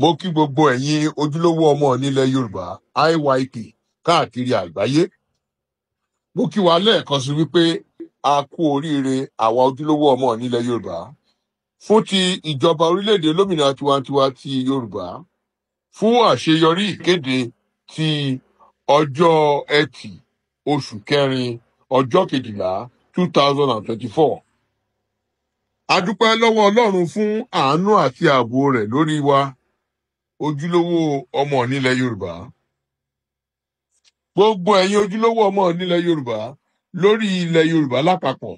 mo kí gbogbo ẹ̀yin ojúlówó ọmọ nílẹ̀ yorùbá iyp káàkiri àgbáyé mo kí wa lẹ́ẹ̀kan sí wípé a kú oríire àwa ojúlówó ọmọ nílẹ̀ yorùbá fún ti ìjọba orílẹ̀-èdè lómìnira tiwantiwa ti yorùbá fún àṣeyọrí ìkéde ti ọjọ́ ẹtì oṣù kẹrin ọjọ́ kejìlá two thousand and twenty-four a dúpẹ́ lọ́wọ́ ọlọ́run fún àánú àti ààbò rẹ̀ lórí wa ojúlówó ọmọ nílẹ̀ yorùbá gbogbo ẹ̀yin ojúlówó ọmọ nílẹ̀ yorùbá lórí ilẹ̀ yorùbá lápapọ̀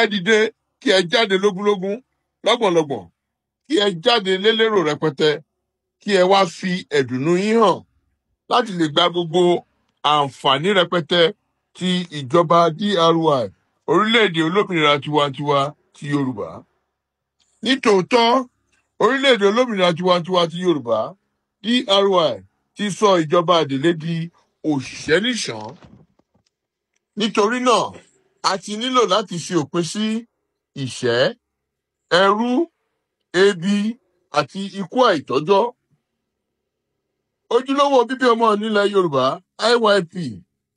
ẹ dìde kí ẹ jáde lógúnlógún lọ́gbọ̀nlọ́gbọ̀n kí ẹ jáde lélérò rẹpẹtẹ kí ẹ wá fi ẹ̀dùnnú yín hàn láti lè gba gbogbo àǹfààní rẹpẹtẹ ti ìjọba DRY orílẹ̀-èdè olómìnira tiwantiwa ti yorùbá nítòótọ́ orílẹ̀-èdè olómìnira tiwantiwa ti yorùbá DRY ti sọ ìjọba àdèlé di òṣìṣẹ́ nìṣàn nítorí náà a ti nílò láti ṣe òpin sí ìṣẹ́ ẹrú ebi àti ikú àìtọ́jọ́ ojúlówó bíbí ọmọ nílẹ̀ yorùbá IYP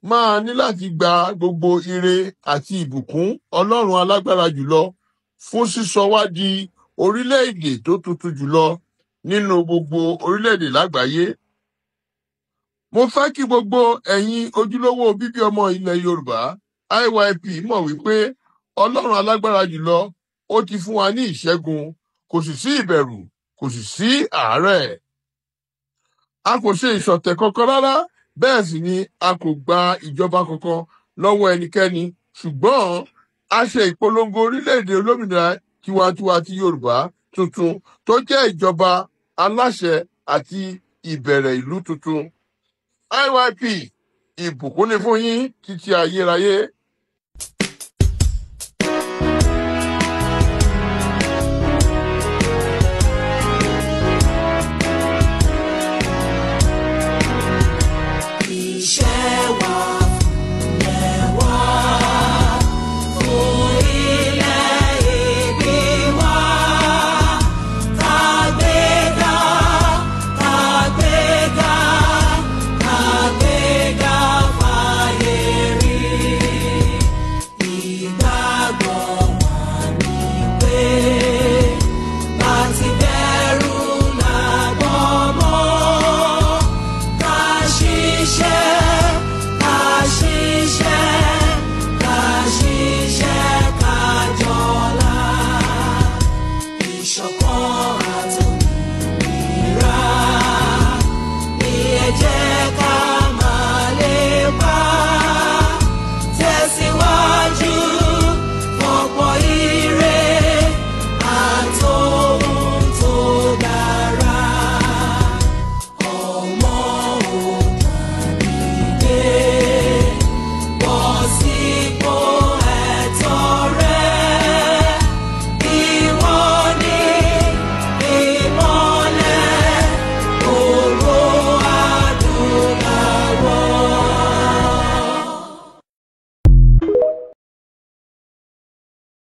máa ní láti gba gbogbo ire àti ìbùkún ọlọ́run alágbára jùlọ fún sísọ wá di orílẹ̀-èdè tó tutù jùlọ nínú gbogbo orílẹ̀-èdè lágbàáyé. Mo fẹ́ kí gbogbo ẹ̀yin ojúlówó bíbí ọmọ ilẹ̀ Yorùbá IYP mọ̀ wípé Ọlọ́run alágbára jùlọ ó ti fún wa ní ìṣẹ́gun kò sì sí ìbẹ̀rù kò sì sí àárẹ̀. A kò ṣe ìṣọ̀tẹ̀ kankan rárá bẹ́ẹ̀ sì ni a kò gba ìjọba kankan lọ́wọ́ ẹnikẹ́ni ṣùgbọ́n a ṣe ìpolongo orílẹ̀-èdè olómìnira tiwantiwa ti yorùbá tuntun tó jẹ́ ìjọba aláṣẹ àti ìbẹ̀rẹ̀ ìlú tuntun IYP ìbùkún ni fún yín títí ayérayé.